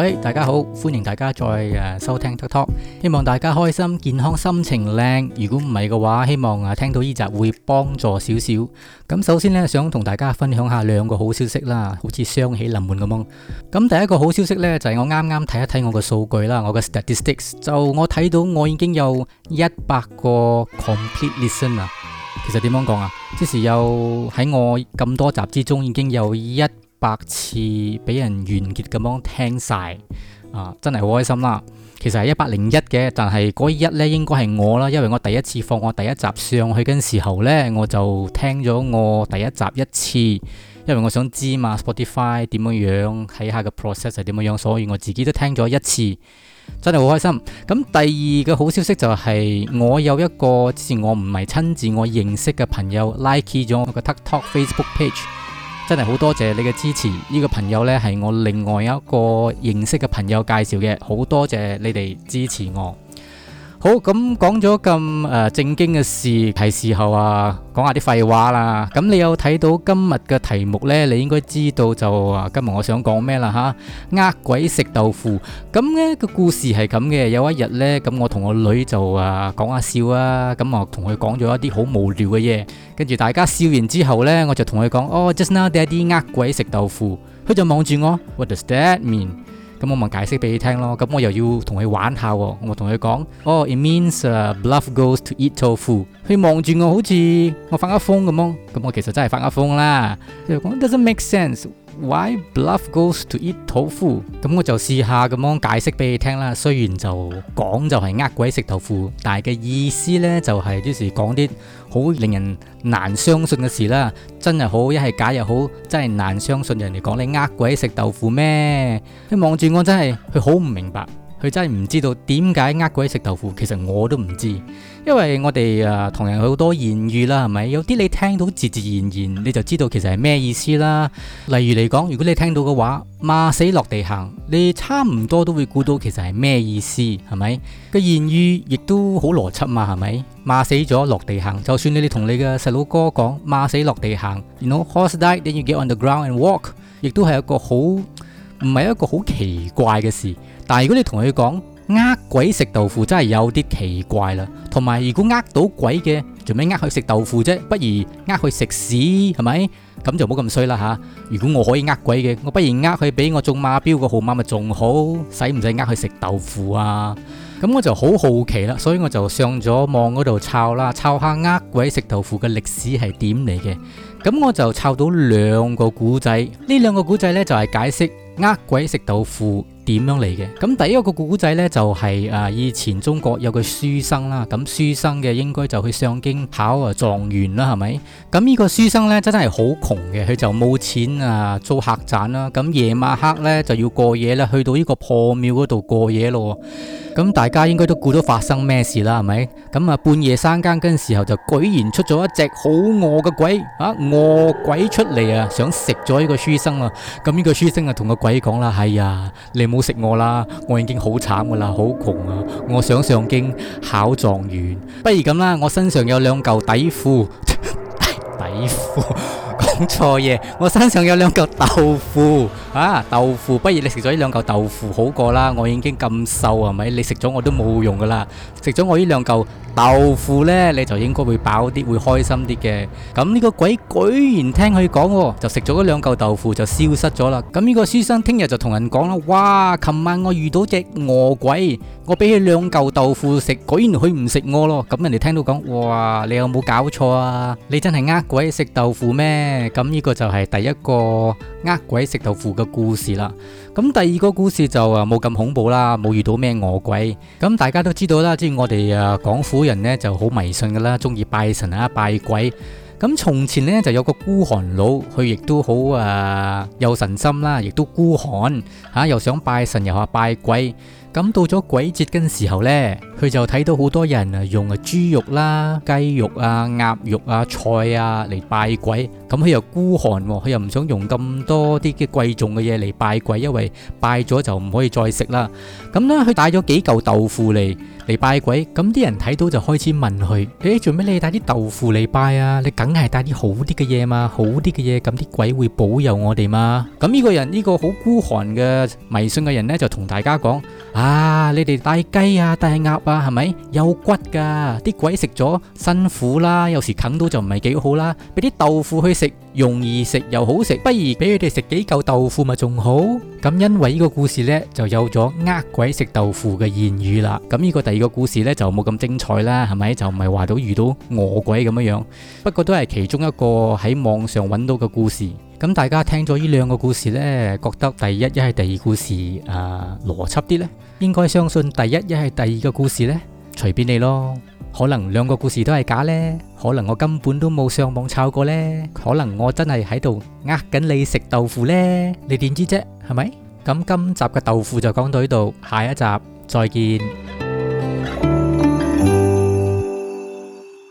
喂，大家好，歡迎大家再誒收聽 Tuck Talk，希望大家開心、健康、心情靚。如果唔係嘅話，希望啊聽到呢集會幫助少少。咁首先呢，想同大家分享下兩個好消息啦，好似雙喜臨門咁。咁第一個好消息呢，就係我啱啱睇一睇我嘅數據啦，我嘅 Statistics 就我睇到我已經有一百個 Complete Listen 啊。其實點樣講啊？即時有喺我咁多集之中，已經有一。百次俾人完結咁樣聽晒啊，真係好開心啦！其實係一百零一嘅，但係嗰一呢應該係我啦，因為我第一次放我第一集上去嘅時候呢，我就聽咗我第一集一次，因為我想知嘛，Spotify 點樣樣睇下個 process 係、er、點樣樣，所以我自己都聽咗一次，真係好開心。咁第二個好消息就係、是、我有一個之前我唔係親自我認識嘅朋友 like 咗我個 TikTok Facebook page。真係好多謝你嘅支持，呢個朋友咧，係我另外一個認識嘅朋友介紹嘅，好多謝你哋支持我。好咁講咗咁誒正經嘅事，係時候啊講下啲廢話啦。咁你有睇到今日嘅題目咧，你應該知道就話今日我想講咩啦吓。呃鬼食豆腐咁呢個故事係咁嘅。有一日咧，咁我同我女就啊講下笑啊，咁啊同佢講咗一啲好無聊嘅嘢。跟住大家笑完之後咧，我就同佢講哦，just now there are 啲呃鬼食豆腐。佢就望住我，What does that mean？咁我咪解釋俾你聽咯，咁我又要同佢玩下喎，我咪同佢講，哦，it means 啊，bluff ghost to eat tofu。佢望住我好似我發噏風咁咯，咁我其實真係發噏風啦。佢講 doesn't make sense，why bluff ghost to eat tofu？咁我就試下咁樣，解釋俾你聽啦。雖然就講就係呃鬼食豆腐，但係嘅意思呢就係於是講啲好令人難相信嘅事啦。真又好，一係假又好，真係難相信人哋講你呃鬼食豆腐咩？佢望住。我真係佢好唔明白，佢真係唔知道點解呃鬼食豆腐。其實我都唔知，因為我哋誒、啊，同人好多諺語啦，係咪？有啲你聽到自自然然你就知道其實係咩意思啦。例如嚟講，如果你聽到嘅話，馬死落地行，你差唔多都會估到其實係咩意思，係咪？個諺語亦都好邏輯嘛，係咪？馬死咗落地行，就算你哋同你嘅細佬哥講馬死落地行然 you know horse died then you get on the ground and walk，亦都係一個好。唔係一個好奇怪嘅事，但係如果你同佢講呃鬼食豆腐，真係有啲奇怪啦。同埋，如果呃到鬼嘅，做咩呃佢食豆腐啫？不如呃佢食屎，係咪？咁就冇咁衰啦吓，如果我可以呃鬼嘅，我不如呃佢俾我中馬標個號碼咪仲好，使唔使呃佢食豆腐啊？咁我就好好奇啦，所以我就上咗網嗰度抄啦，抄下呃鬼食豆腐嘅歷史係點嚟嘅。咁我就抄到兩個古仔，呢兩個古仔呢就係解釋。呃鬼食豆腐點樣嚟嘅？咁第一個個古仔呢，就係啊，以前中國有個書生啦，咁書生嘅應該就去上京考啊狀元啦，係咪？咁呢個書生呢，真係好窮嘅，佢就冇錢啊租客棧啦，咁夜晚黑呢，就要過夜啦，去到呢個破廟嗰度過夜咯。咁大家應該都估到發生咩事啦，係咪？咁啊半夜三更嗰陣時候就居然出咗一隻好餓嘅鬼啊，餓鬼出嚟啊，想食咗呢個書生啊。咁呢個書生啊同個鬼講啦，係、哎、呀，你唔好食我啦，我已經好慘噶啦，好窮啊，我想上京考狀元，不如咁啦，我身上有兩嚿底褲， 底褲褲笑。講錯嘢，我身上有兩嚿豆腐啊！豆腐，不如你食咗呢兩嚿豆腐好過啦，我已經咁瘦係咪？你食咗我都冇用噶啦，食咗我呢兩嚿豆腐呢，你就應該會飽啲，會開心啲嘅。咁呢個鬼居然聽佢講，就食咗嗰兩嚿豆腐就消失咗啦。咁呢個書生聽日就同人講啦，哇！琴晚我遇到隻餓鬼，我俾佢兩嚿豆腐食，居然佢唔食我咯。咁人哋聽到講，哇！你有冇搞錯啊？你真係呃鬼食豆腐咩？咁呢個就係第一個呃鬼食豆腐嘅故事啦。咁第二個故事就啊冇咁恐怖啦，冇遇到咩餓鬼。咁大家都知道啦，即係我哋啊廣府人呢就好迷信噶啦，中意拜神啊拜鬼。咁從前呢就有個孤寒佬，佢亦都好啊有神心啦，亦都孤寒吓，又想拜神又話拜鬼。咁到咗鬼節嘅時候呢，佢就睇到好多人啊用啊豬肉啦、雞肉啊、鴨肉啊、菜啊嚟拜鬼。咁佢又孤寒，佢又唔想用咁多啲嘅貴重嘅嘢嚟拜鬼，因為拜咗就唔可以再食啦。咁呢，佢帶咗幾嚿豆腐嚟嚟拜鬼。咁啲人睇到就開始問佢：誒、哎，做咩你帶啲豆腐嚟拜啊？你梗係帶啲好啲嘅嘢嘛？好啲嘅嘢，咁啲鬼會保佑我哋嘛？咁呢個人呢、呢個好孤寒嘅迷信嘅人呢，就同大家講。.啊！你哋帶雞啊、帶鴨啊，係咪有骨噶？啲鬼食咗辛苦啦，有時啃到就唔係幾好啦。俾啲豆腐去食，容易食又好食，不如俾佢哋食幾嚿豆腐咪仲好。咁因為呢個故事呢，就有咗呃鬼食豆腐嘅言語啦。咁呢個第二個故事呢就冇咁精彩啦，係咪就唔係話到遇到餓鬼咁樣樣？不過都係其中一個喺網上揾到嘅故事。咁大家聽咗呢兩個故事呢，覺得第一一係第二故事誒邏輯啲呢，應該相信第一一係第二個故事呢，隨便你咯。可能兩個故事都係假呢，可能我根本都冇上網炒過呢，可能我真係喺度呃緊你食豆腐呢，你點知啫？係咪？咁今集嘅豆腐就講到呢度，下一集再見。